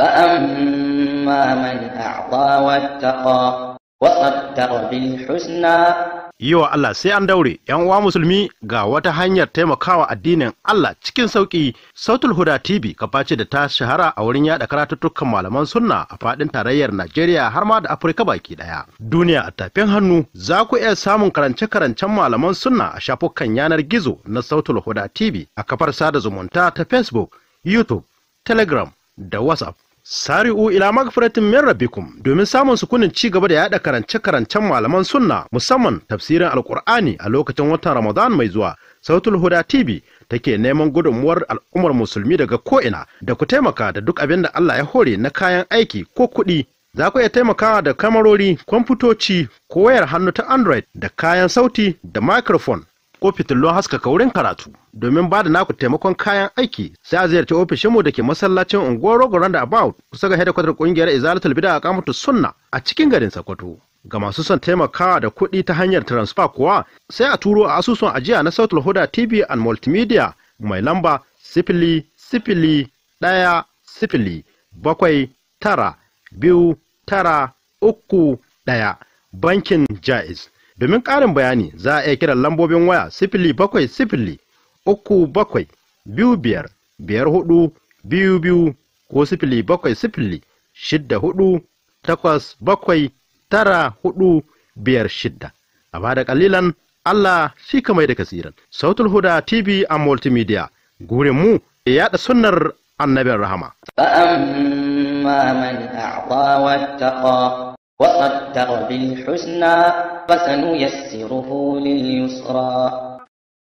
فأما من أعطى واتقى وصدق بالحسنى yi wa Allah sai an daure yan uwa musulmi ga wata hanyar taimakawa addinin Allah cikin sauki sautul huda tv kafa da ta shahara a wurin yaɗa karatuttukan malaman sunna a faɗin tarayyar Najeriya har ma da Afirka baki ɗaya. duniya a tafin hannu za ku iya samun karance karancen malaman sunna a shafukan yanar gizo na sautul huda tv a kafar sada zumunta ta Facebook YouTube Telegram da WhatsApp Sari'u ila magfiratin min rabbikum domin samun sukunin ci gaba da yada karance-karancen malaman sunna musamman tafsirin alkur'ani a lokacin watan Ramadan mai zuwa Sautul Huda TV take neman gudunmuwar al'ummar musulmi daga ko'ina da ku taimaka da duk abin da Allah ya hore na kayan aiki ko kuɗi. Za ku iya taimakawa da kamarori, kwamfutoci, ko wayar hannu ta Android da kayan sauti da microphone ko fitilun haskaka wurin karatu domin ba da naku taimakon kayan aiki sai a ziyarci ofishinmu da ke masallacin unguwar rogo about kusa ga hedikwatar kungiyar izalatul bida a kamatu sunna a cikin garin sokoto ga masu son taimakawa da kuɗi ta hanyar transfer kuwa sai a turo a asusun ajiya na sautul huda tv and multimedia mai lamba sifili sifili ɗaya sifili bakwai tara biyu tara uku ɗaya bankin jaiz Domin ƙarin bayani za a iya kiran lambobin waya sifili bakwai sifili uku bakwai biyu biyar biyar hudu biyu biyu ko sifili bakwai sifili shidda hudu takwas bakwai tara hudu biyar shidda. A bada kalilan Allah shi kamai da kasiran. Sautul Huda TV a Multimedia. Gurin mu ya yaɗa sunnar annabin rahama. وقدر بالحسنى فسنيسره لليسرى